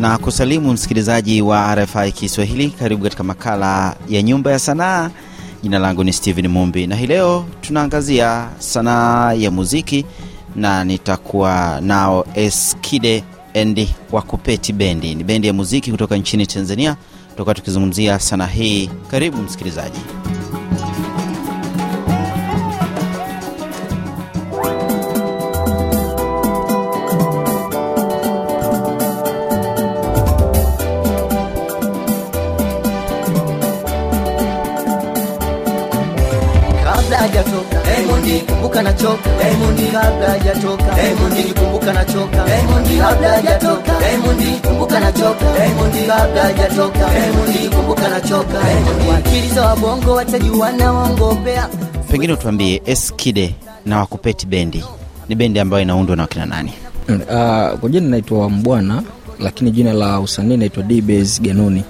na kusalimu msikilizaji wa RFI Kiswahili. Karibu katika makala ya Nyumba ya Sanaa. Jina langu ni stephen Mumbi na hii leo tunaangazia sanaa ya muziki na nitakuwa nao Eskide endi Wakupeti Bendi. Ni bendi ya muziki kutoka nchini Tanzania, tutakuwa tukizungumzia sanaa hii. Karibu msikilizaji. hajatoka, Diamond kabla hajatoka, Diamond nikumbuka nachoka, Diamond kabla hajatoka, Diamond nikumbuka nachoka, Diamond kabla hajatoka, Diamond nikumbuka nachoka. Wakili za wabongo watajuana waongopea. Pengine utuambie Eskide na Wakupeti bendi ni bendi ambayo inaundwa na wakina nani? Uh, kwa jina naitwa Mbwana, lakini jina la usanii naitwa Dbase Ganuni.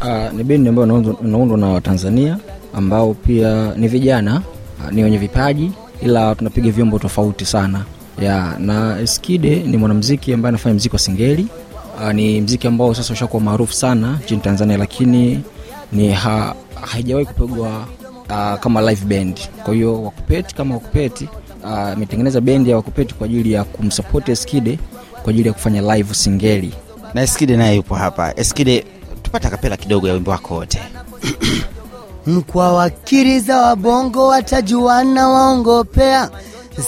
Uh, ah, ni bendi ambayo inaundwa na Watanzania ambao pia ni vijana, uh, ni wenye vipaji ila tunapiga vyombo tofauti sana ya, na Skide ni mwanamziki ambaye anafanya mziki wa singeli. Uh, ni mziki ambao sasa ushakuwa maarufu sana nchini Tanzania, lakini ni ha, haijawahi kupigwa uh, kama live band. Kwa hiyo Wakupeti kama Wakupeti ametengeneza ah, uh, bendi ya Wakupeti kwa ajili ya kumsupport Skide kwa ajili ya kufanya live singeli, na Skide naye yupo hapa. Skide, tupata kapela kidogo ya wimbo wako wote Mkwa za wabongo watajuana waongopea,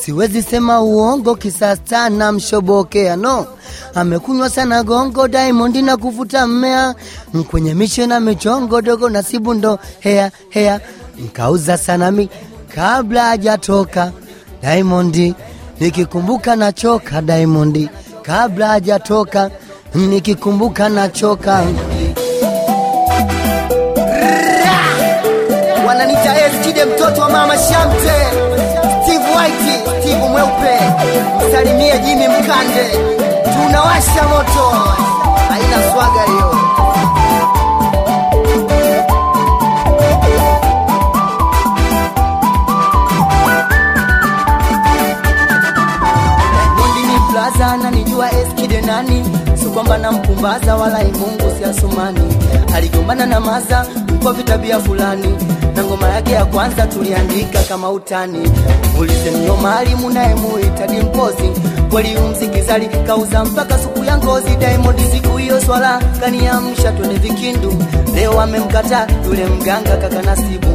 siwezi sema uongo kisasta na mshobokea no amekunywa sana gongo Diamond na kuvuta mmea kwenye mishe na michongo dogo na sibundo ndo hea hea nkauza sana mi kabla hajatoka Diamond nikikumbuka nachoka Diamond kabla hajatoka nikikumbuka nachoka ananita Estide mtoto wa mama Shamte, Steve White, Steve mweupe, msalimie Jimmy Mkande, tunawasha moto, haina swaga hiyo. Plaza nani kwamba nampumbaza wala imungu si asumani aligombana na maza kwa vitabia fulani na ngoma yake ya kwanza tuliandika kama utani. ulize ndio mali naye muita dimpozi, kweli umziki zali kauza mpaka suku ya ngozi. Diamond siku hiyo swala kaniamsha twende Vikindu, leo amemkata yule mganga kaka Nasibu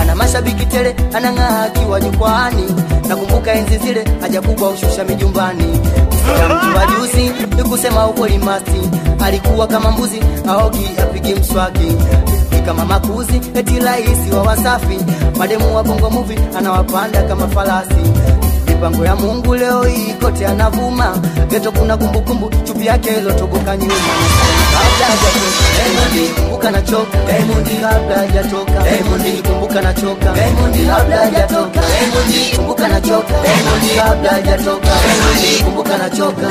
ana mashabiki tele, anang'aa akiwa jukwani Nakumbuka enzi zile, haja kubwa ushusha mijumbani. Mtu wa juzi, nikusema ukweli, masti alikuwa kama mbuzi aogi apigi mswaki kama makuzi, eti rahisi wa Wasafi, mademu wa Bongo Movie anawapanda kama farasi. Mipango ya Mungu leo hii kote anavuma, geto kuna kumbukumbu, chupi yake ilotoboka nyuma kabla hajatoka kumbuka nachoka kabla hajatoka kumbuka nachoka kabla kumbuka kabla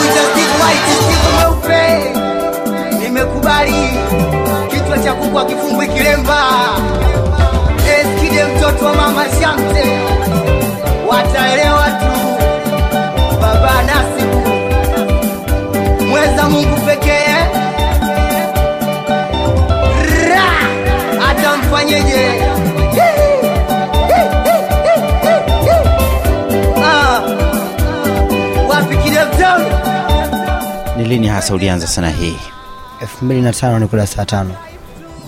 kumbuka itishivu mweupe nimekubali, kichwa cha kukwa akifungwi kilemba, eskide mtoto wa mama Shamte. lini hasa ulianza sana hii? 2005 kula saa tano.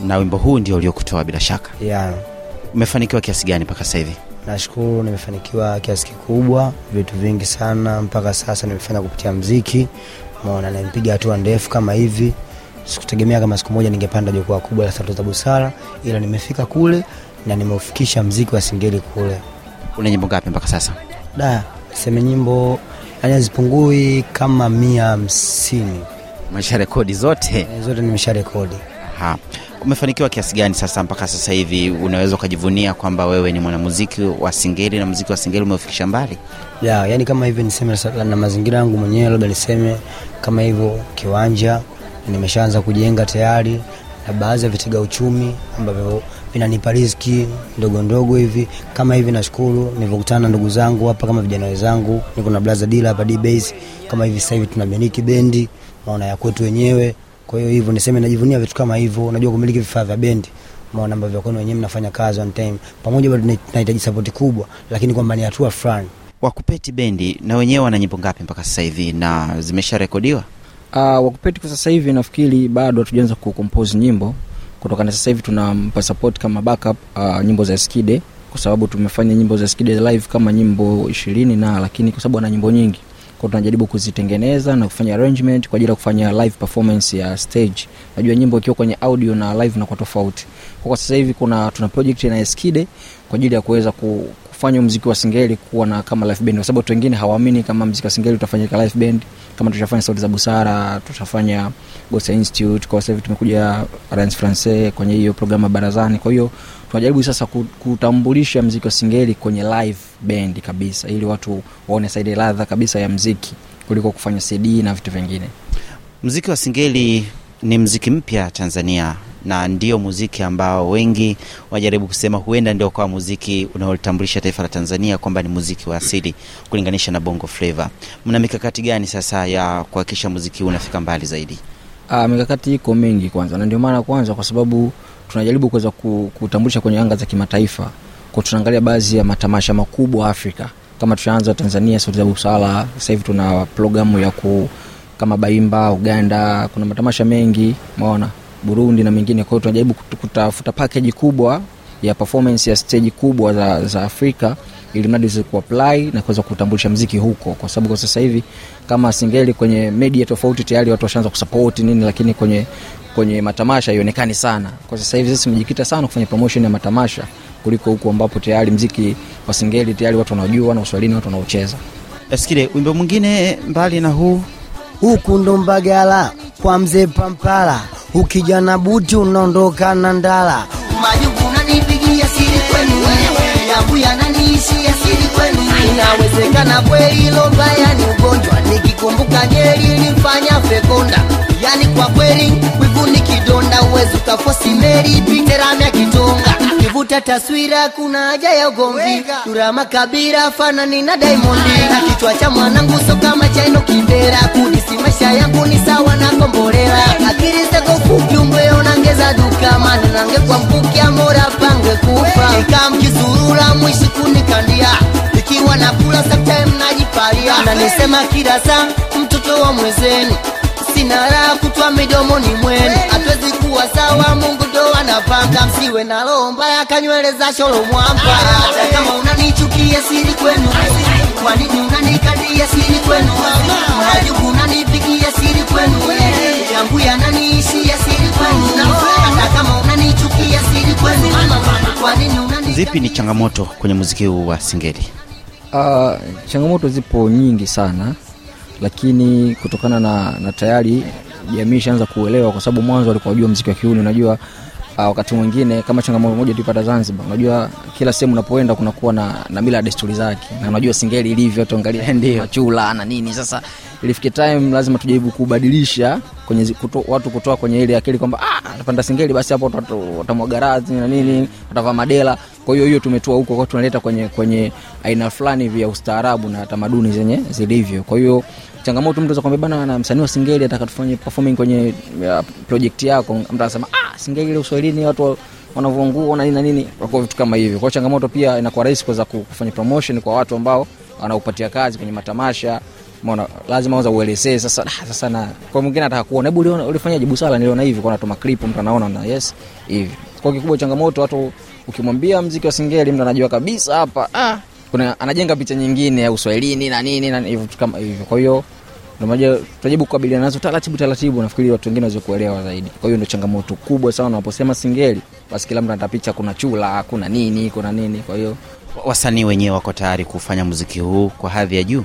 Na wimbo huu ndio uliokutoa bila shaka? Yeah. Umefanikiwa kiasi gani mpaka sasa hivi? Nashukuru, nimefanikiwa kiasi kikubwa, vitu vingi sana mpaka sasa nimefanya kupitia mziki. Maona nimepiga hatua ndefu kama hivi. Sikutegemea kama siku moja ningepanda jukwaa kubwa la Sauti za Busara, ila nimefika kule na nimeufikisha mziki wa Singeli kule. Una nyimbo ngapi mpaka sasa? Da, sema nyimbo hazipungui kama mia hamsini. Umesha rekodi zote? Eh, zote nimesha rekodi. Aha. Umefanikiwa kiasi gani sasa mpaka sasa hivi unaweza ukajivunia kwamba wewe ni mwanamuziki wa Singeli na muziki wa Singeli umeufikisha mbali? Yeah, yani kama hivyo niseme na mazingira yangu mwenyewe, labda niseme kama hivyo kiwanja nimeshaanza kujenga tayari na baadhi ya vitega uchumi ambavyo vinanipa riziki ndogo ndogo hivi. Kama hivi nashukuru nilivyokutana na ndugu zangu hapa kama vijana wenzangu, niko na blaza dila hapa D-Base. Kama hivi sasa hivi tunamiliki bendi maona ya kwetu wenyewe, kwa hiyo hivyo niseme najivunia vitu kama hivyo. najua kumiliki vifaa vya bendi maona ambavyo kwenu wenyewe mnafanya kazi on time, pamoja bado tunahitaji support kubwa, lakini kwamba ni hatua fulani. Wakupeti bendi na wenyewe wana nyimbo ngapi mpaka sasa hivi na zimesha rekodiwa? Uh, Wakupeti kwa sasa hivi nafikiri bado hatujaanza kucompose nyimbo kutokana, sasa hivi tunampa support kama backup uh, nyimbo za Skide kwa sababu tumefanya nyimbo za Skide live kama nyimbo ishirini na lakini kwa sababu ana nyimbo nyingi kwa tunajaribu kuzitengeneza na kufanya arrangement kwa ajili ya kufanya live performance ya stage. Najua nyimbo ikiwa kwenye audio na live na kwa tofauti ambapo kwa sasa hivi kuna tuna project na Eskide kwa ajili ya kuweza kufanya mziki wa singeli kuwa na kama live band, kwa sababu watu wengine hawaamini kama mziki wa singeli utafanyika live band, kama tutafanya sauti za busara, tutafanya Gosa Institute. Kwa sasa hivi tumekuja Alliance Francaise kwenye hiyo programu barazani, kwa hiyo tunajaribu sasa kutambulisha mziki wa singeli kwenye live band kabisa, ili watu waone saidi ladha kabisa ya mziki kuliko kufanya CD na vitu vingine. Mziki wa singeli ni mziki mpya Tanzania, na ndio muziki ambao wengi wajaribu kusema huenda ndio kwa muziki unaolitambulisha taifa la Tanzania kwamba ni muziki wa asili kulinganisha na bongo flava. Mna mikakati gani sasa ya kuhakikisha muziki huu unafika mbali zaidi? Ah, mikakati iko mingi kwanza, na ndio maana kwanza, kwa sababu tunajaribu kuweza kutambulisha kwenye anga za kimataifa, kwa tunaangalia baadhi ya matamasha makubwa Afrika kama tushaanza Tanzania, sauti za busara. Sasa hivi tuna programu ya ku kama Baimba Uganda, kuna matamasha mengi, umeona Burundi na mengine. kwao tunajaribu kutafuta pakeji kubwa ya performance ya steji kubwa za, za Afrika ili mradi uweze kuapply na kuweza kutambulisha mziki huko, kwa sababu kwa sasa hivi kama singeli kwenye media tofauti tayari watu washaanza kusapoti nini, lakini kwenye, kwenye matamasha haionekani sana. Kwa sasa hivi sisi tumejikita sana kufanya promotion ya matamasha kuliko huku ambapo tayari mziki wa singeli tayari watu wanaojua na uswalini watu wanaocheza. Eskile, wimbo mwingine mbali na huu huku ndo Mbagala kwa mzee Pampala, ukija na buti unaondoka na ndala. Inawezekana kweli hilo mbaya ni ugonjwa, nikikumbuka nyeri ilifanya fekonda. Yani kwa kweli wivu ni kidonda, uwezi ukafosi meri piterami ya kitonga Navuta taswira, kuna haja ya ugomvi. Dura kabira fanani na Diamond, na kichwa cha mwanangu so kama chaino kibera kunisi Kudisi maisha yangu ni sawa na kombolera, akili zako fupi umbe unaongeza duka, maana nange kwa mkukia mora pange kufa mkizurula mwishi kunikandia ikiwa nakula sometime najipalia na nisema kila saa mtoto wa mwezeni sina raha kutwa midomoni mwenu, hatuwezi kuwa sawa. Mungu ndo anapanga, msiwe na roho mbaya kanyweleza sholo mwamba. kama unanichukia siri kwenu, kwa nini unanikadia siri kwenu? Majuku unanipigia siri kwenu, yangu yananiishia siri kwenu. Hata kama unanichukia siri kwenu, kwa nini unanikadia? Zipi ni changamoto kwenye muziki huu wa Singeli? Uh, changamoto zipo nyingi sana lakini kutokana na, na tayari jamii ishaanza kuelewa, kwa sababu mwanzo walikuwa wajua mziki wa kiuni. Unajua uh, wakati mwingine kama changamoto moja tuipata Zanzibar, unajua kila sehemu unapoenda kunakuwa na, na mila desturi zake, na unajua Singeli ilivyo, tuangalia ndio chula na nini. Sasa ilifike time lazima tujaribu kubadilisha kwenye kuto, watu kutoa kwenye ile akili kwamba ah, napanda Singeli basi hapo watamwaga razi na nini, watavaa madela kwa hiyo hiyo tumetoa huko kwa tunaleta kwenye, kwenye aina fulani vya ustaarabu na tamaduni zenye zilivyo. Kwa hiyo changamoto mtu akwambia bana, na msanii wa Singeli ataka tufanye performing kwenye ya, project yako, mtu anasema ah, Singeli ile Uswahilini watu wanavua na nini nini, kwa vitu kama hivyo. Kwa changamoto pia inakuwa rahisi kuweza kufanya promotion kwa watu ambao wanaupatia kazi kwenye matamasha Mbona lazima kwanza uelezee sasa. ah, Sasa na kwa mwingine ataka kuona, hebu ulifanyaje? Busara niliona hivi, kwa natoa clip, mtu anaona na yes hivi. Kwa kikubwa changamoto watu ukimwambia mziki wa singeli mtu anajua kabisa hapa ah, kuna anajenga picha nyingine ya uswahilini na nini na hivyo kama hivyo. Kwa hiyo ndio tunajaribu kukabiliana nazo taratibu taratibu, nafikiri watu wengine waweze kuelewa zaidi. Kwa hiyo ndio changamoto kubwa sana unaposema singeli, basi kila mtu anatapicha kuna chula, kuna nini, kuna nini. Kwa hiyo wasanii wenyewe wako tayari kufanya muziki huu kwa hadhi ya juu.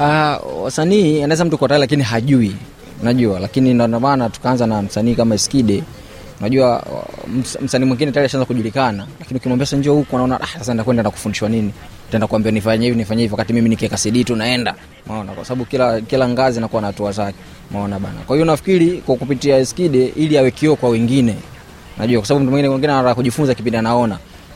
Uh, wasanii anaweza mtu kwa tayari, lakini hajui, unajua, lakini ndio maana tukaanza na msanii kama Skide Unajua msanii mwingine tayari ashaanza kujulikana, lakini ukimwambia sasa njoo huko, naona ah, sasa ndakwenda na kufundishwa nini? Nitaenda kuambia nifanye hivi nifanye hivi, wakati mimi nikiweka CD tu naenda. maona kwa sababu kila kila ngazi nakuwa na hatua zake. maona bana. Kwa hiyo nafikiri kwa kupitia Skide ili awe kioo kwa wengine. Najua kwa sababu mtu mwingine mwingine anataka kujifunza kipindi anaona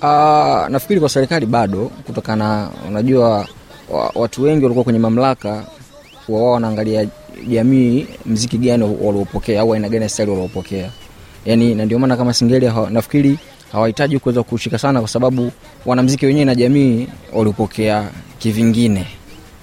Uh, nafikiri kwa serikali bado, kutokana unajua watu wengi walikuwa kwenye mamlaka kuwa wao wanaangalia jamii mziki gani waliopokea au aina gani ya waliopokea, yani, na ndio maana kama Singeli hawa, nafikiri hawahitaji kuweza kushika sana, kwa sababu wanamziki wenyewe na jamii waliopokea kivingine.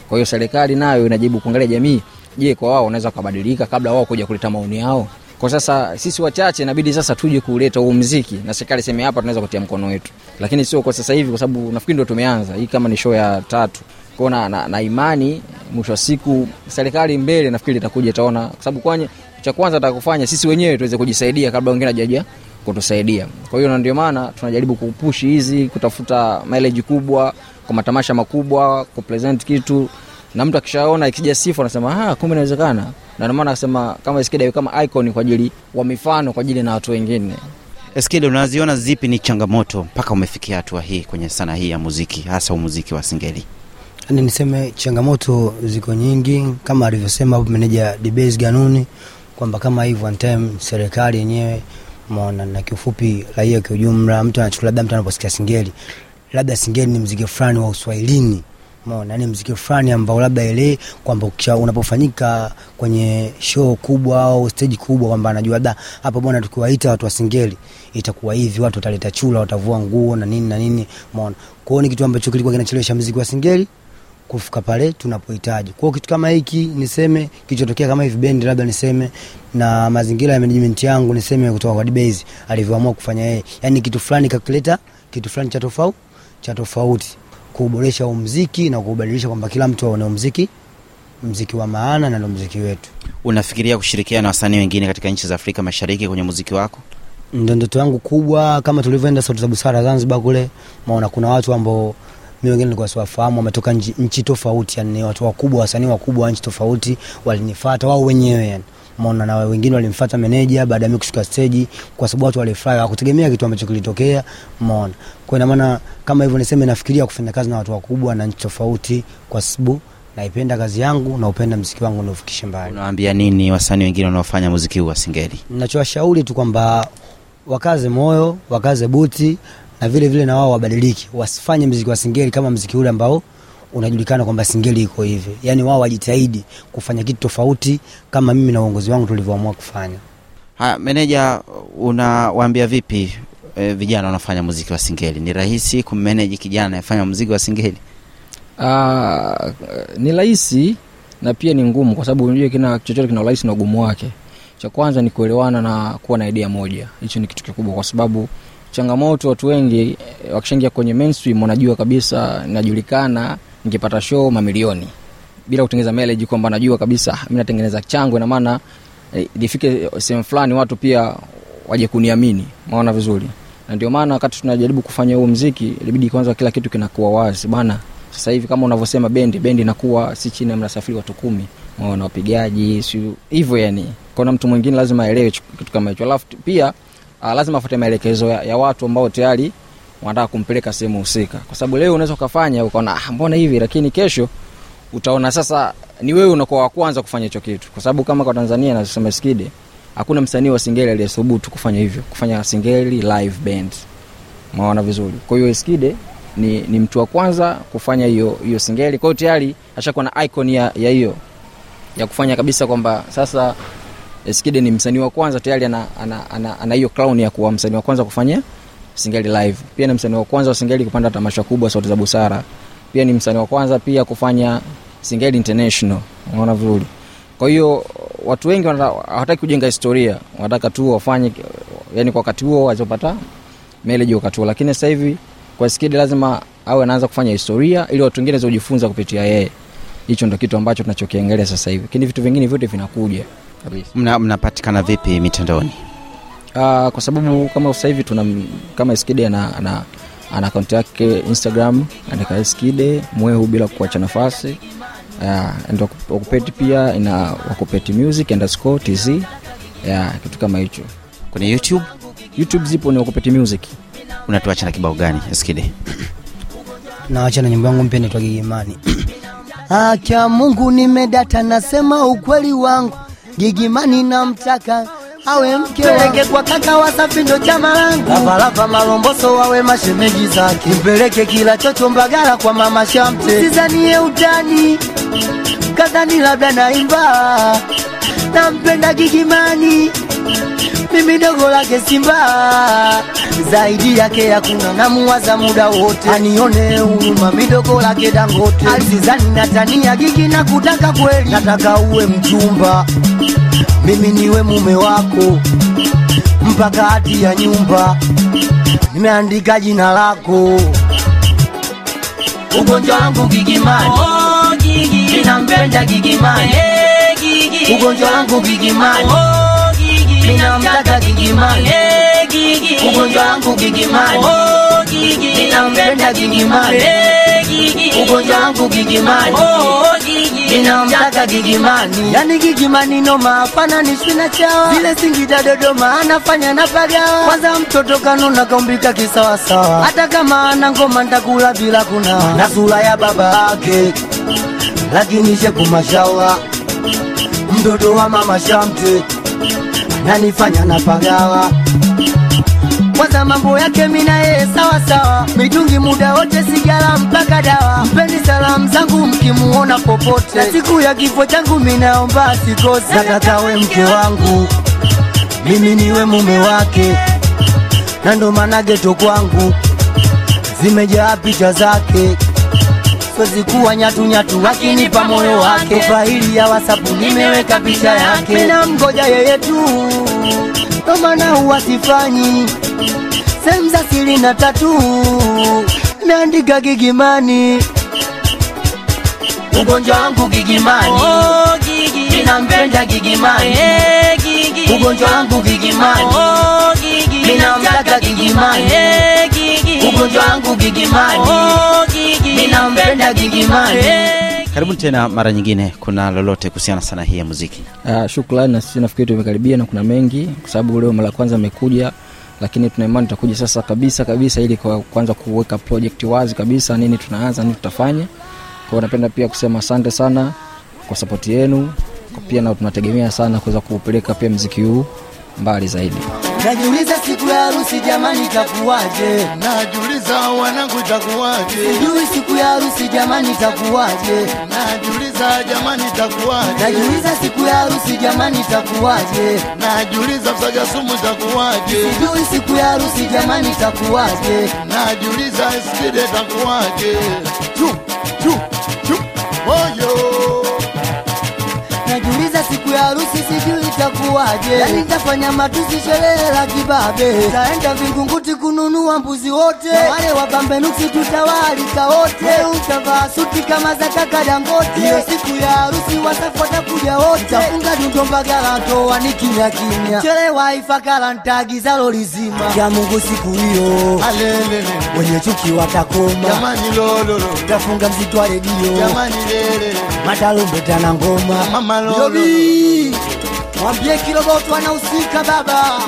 Kwa hiyo serikali nayo inajibu kuangalia jamii, je, kwa wao wanaweza kubadilika kabla wao kuja kuleta maoni yao. Kwa sasa sisi wachache inabidi sasa tuje kuleta huu mziki na serikali sema hapa tunaweza kutia mkono wetu, lakini sio kwa sasa hivi, kwa sababu nafikiri ndio tumeanza hii, kama ni show ya tatu kwao na, na, na imani mwisho wa siku serikali mbele nafikiri itakuja itaona, kwa sababu kwani cha kwanza atakufanya sisi wenyewe tuweze kujisaidia kabla wengine ajaja kutusaidia. Kwa hiyo ndio maana tunajaribu kupushi hizi, kutafuta mileage kubwa kwa matamasha makubwa, kupresent kitu na mtu akishaona ikija sifa anasema ah, kumbe inawezekana na ndio maana nasema kama Eskida kama icon kwa ajili wa mifano kwa ajili na watu wengine. Eskida, unaziona zipi ni changamoto mpaka umefikia hatua hii kwenye sanaa hii ya muziki, hasa muziki wa singeli? ni yaani niseme changamoto ziko nyingi, kama alivyosema hapo meneja Debes Ganuni kwamba kama hivyo one time serikali yenyewe maona, na kiufupi raia kiujumla, mtu anachukua labda mtu anaposikia singeli, labda singeli ni mziki fulani wa uswahilini Mona, ni mziki fulani ambao labda ile kwamba unapofanyika kwenye show kubwa au stage kubwa, kwamba anajua da hapa bwana, tukiwaita watu wasingeli itakuwa hivi, watu wataleta chula, watavua nguo na nini na nini. mona. kwao ni kitu ambacho kilikuwa kinachelewesha mziki wa singeli kufika pale tunapohitaji. Kwa kitu kama hiki niseme kilichotokea kama hivi bendi labda niseme na mazingira ya management yangu niseme kutoka kwa Dbase alivyoamua kufanya yeye. Yaani kitu fulani kakileta kitu fulani cha tofauti cha tofauti kuboresha huu mziki na kuubadilisha kwamba kila mtu aone mziki mziki wa maana na ndo mziki wetu. Unafikiria kushirikiana na wasanii wengine katika nchi za Afrika Mashariki kwenye muziki wako? Ndio ndoto yangu kubwa, kama tulivyoenda Sauti za Busara Zanzibar kule, maona kuna watu ambao mi wengine nilikuwa siwafahamu, wametoka nchi tofauti, yani watu wakubwa, wasanii wakubwa wa nchi tofauti walinifuata wao wenyewe yani Umeona, na wengine walimfuata meneja baada ya mimi kushuka stage, kwa sababu watu walifurahi, hawakutegemea kitu ambacho kilitokea. Umeona, kwa ina maana kama hivyo niseme, nafikiria kufanya kazi na watu wakubwa na nchi tofauti, kwa sababu naipenda kazi yangu na upenda mziki wangu unaofikisha mbali. Unawaambia nini wasanii wengine wanaofanya muziki huu wa Singeli? Ninachowashauri tu kwamba wakaze moyo, wakaze buti na vile vile na wao wabadiliki, wasifanye mziki wa Singeli kama mziki ule ambao unajulikana kwamba Singeli iko hivi. Yaani wao wajitahidi kufanya kitu tofauti kama mimi na uongozi wangu tulivyoamua kufanya. Haya, meneja, unawaambia vipi e, vijana wanafanya muziki wa Singeli? Ni rahisi kummeneji kijana anayefanya muziki wa Singeli? Aa, ah, ni rahisi na pia ni ngumu, kwa sababu unajua kina chochote kina urahisi na ugumu wake. Cha kwanza ni kuelewana na kuwa na idea moja, hicho ni kitu kikubwa, kwa sababu changamoto, watu wengi eh, wakishaingia kwenye mainstream wanajua kabisa, najulikana ningepata show mamilioni bila kutengeza mileage kwamba najua kabisa mimi natengeneza chango na maana eh, nifike sehemu fulani watu pia waje kuniamini maona vizuri na ndio maana wakati tunajaribu kufanya huu mziki ilibidi kwanza kila kitu kinakuwa wazi bana sasa hivi kama unavyosema bendi bendi inakuwa si chini ya mnasafiri watu kumi maona wapigaji si hivyo yani kona mtu mwingine lazima aelewe kitu kama hicho alafu pia uh, lazima afuate maelekezo ya, ya watu ambao tayari wanataka kumpeleka sehemu husika, kwa sababu leo unaweza ukafanya ukaona ah, mbona hivi, lakini kesho utaona sasa ni wewe unakuwa wa kwanza kufanya hicho kitu, kwa sababu kama kwa Tanzania nasema Skide, hakuna msanii wa singeli aliyethubutu kufanya hivyo, kufanya singeli live band, maona vizuri. Kwa hiyo Skide ni, ni mtu wa kwanza kufanya hiyo hiyo singeli, kwa hiyo tayari ashakuwa na icon ya ya hiyo ya kufanya kabisa kwamba sasa Skide ni msanii wa kwanza tayari ana ana, ana, ana, ana hiyo clown ya kuwa msanii wa kwanza kufanya Singeli Live. Pia ni msanii wa kwanza wa Singeli kupanda tamasha kubwa Sauti za Busara. Pia ni msanii wa kwanza pia kufanya Singeli International. Unaona vizuri. Kwa hiyo watu wengi hawataki kujenga historia, wanataka tu wafanye, yani kwa wakati huo wazopata mele meleji wakati huo, lakini sasa hivi kwa Skidi lazima awe anaanza kufanya historia ili watu wengine wajifunze kupitia yeye. Hicho ndo kitu ambacho tunachokiangalia sasa hivi, lakini vitu vingine vyote vinakuja kabisa. Mnapatikana mna vipi mitandaoni? uh, kwa sababu kama sasa hivi tuna kama Eskide ana, ana, ana akaunti yake Instagram, andika Eskide mwehu bila kuacha nafasi uh, and wakupeti pia ina wakupeti music underscore tz yeah, kitu kama hicho. Kwenye YouTube YouTube zipo ni wakupeti music. Unatuacha na kibao gani Eskide? Naacha na nyimbo yangu mpya inaitwa Gigimani. Acha Mungu nimedata, nasema ukweli wangu, Gigimani namtaka awe mke mpeleke kwa kaka wa safi ndo chama langu lavalava malomboso wawe mashemeji zake mpeleke kila chocho mbagala kwa mama shamte sizanie utani kadhani labda naimba nampenda Gigimani mimi dogo lake simba zaidi yake hakuna namuwaza muda wote anione huruma midogo lake dangote Azizani natania gigi nakutaka kutaka kweli nataka uwe mchumba mimi niwe mume wako mpaka hati ya nyumba nimeandika jina lako. Ugonjwa wangu gigimani, oh, gigi. ninampenda gigimani, hey, eh, gigi. ugonjwa wangu gigimani, oh, gigi. ninamtaka gigimani, hey, eh, gigi. ugonjwa wangu gigimani, oh, gigi. ninampenda gigimani, hey, eh, gigi. ugonjwa wangu gigimani, oh, mtaka Gigimani, yani Gigimani noma, hapana nisina chawa vile Singida Dodoma anafanya na pagawa. Kwanza mtoto kanuna kaumbika kisawasawa, hata kama ana ngoma ntakula bila kuna na sura ya baba ake lakini shekumashawa mtoto wa mama Shamte nanifanya na pagawa kwanza mambo yake mina yeye sawa sawa, mitungi muda wote, sigara mpaka dawa. Mpeni salamu zangu mkimuona popote, na siku ya kifo changu minaomba asikose. Natakawe mke wangu mimi niwe mume wake, na ndo maana geto kwangu zimejaa picha zake nyatu nyatunyatu, lakinipa moyo wake. Faili ya wasapu nimeweka picha yake, mina mgoja yeye tu, ndo maana huwa sifanyi sehemu za sili na tatu meandika Gigimani, ugonjwa wangu Gigimani, oh, Gigi. ninampenda Gigimani, hey, Gigi. ugonjwa wangu Gigimani, oh, Gigi. ninamtaka Gigimani, hey, Gigi. ugonjwa wangu Gigimani, oh, Gigi. ninampenda Gigimani, hey. Karibuni tena mara nyingine. Kuna lolote kuhusiana sana hii ya muziki? Uh, shukrani. Na sisi nafikiri tumekaribia na kuna mengi, kwa sababu leo mara ya kwanza amekuja lakini tunaimani tutakuja sasa kabisa kabisa, ili kuanza kuweka project wazi kabisa, nini tunaanza, nini tutafanya. Kwa napenda pia kusema asante sana kwa support yenu pia, na tunategemea sana kuweza kuupeleka pia mziki huu mbali zaidi. Najiuliza siku ya harusi jamani, takuwaje? Najuliza wanangu, takuwaje? Sijui siku ya harusi jamani, takuwaje? Najuliza jamani, takuwaje? Najuliza siku ya harusi jamani, takuwaje? Najuliza msaga sumu, takuwaje? Sijui siku ya harusi jamani, takuwaje? Najuliza skide, takuwaje? Chu chu chu, oyo, najuliza siku siku ya harusi sijui itakuwaje, yani nitafanya matusi, sherehe la kibabe, taenda Vingunguti kununua mbuzi wote na wale wa Pambenuksi tutawalika wote, utavaa suti kama za kaka Dangote. Hiyo siku ya harusi Wasafi watakuja wote, tafunga dundo mpaka ni kimya kimya, chelewa Ifakara nitaagiza lori zima ya Mungu siku hiyo, wenye chuki watakoma, jamani lolo, tafunga mzito wa redio, jamani lele, matalumbe tana ngoma, mama lolo. Mwambie Kilogotwa na baba,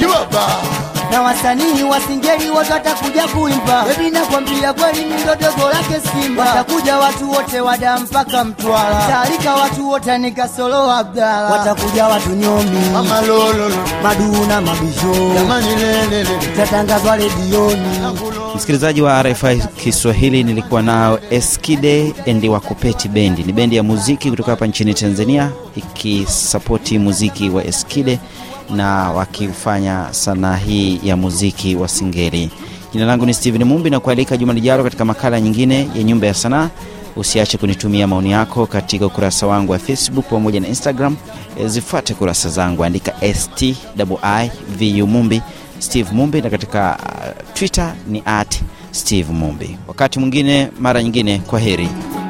you baba na wasanii wasingeli wote watakuja kuimba. na nakwambia kweli, ni dogo lake Simba, watakuja watu wote wada mpaka Mtwara, taalika watu wote nikasolo Abdala, watakuja watu nyomi, mama lolo, maduu na mabisho, jamani lelele, tatangazwa redioni. Msikilizaji wa RFI Kiswahili, nilikuwa nao Eskide endi Wakopeti bendi. Ni bendi ya muziki kutoka hapa nchini Tanzania, ikisapoti muziki wa Eskide na wakifanya sanaa hii ya muziki wa Singeli. Jina langu ni stehen Mumbi na kualika juma lijaro katika makala nyingine ya Nyumba ya Sanaa. Usiache kunitumia maoni yako katika ukurasa wangu wa Facebook pamoja na Instagram. E, zifuate kurasa zangu, andika Stivu Mumbi, Steve Mumbi, na katika uh, Twitter ni at Steve Mumbi. Wakati mwingine, mara nyingine, kwa heri.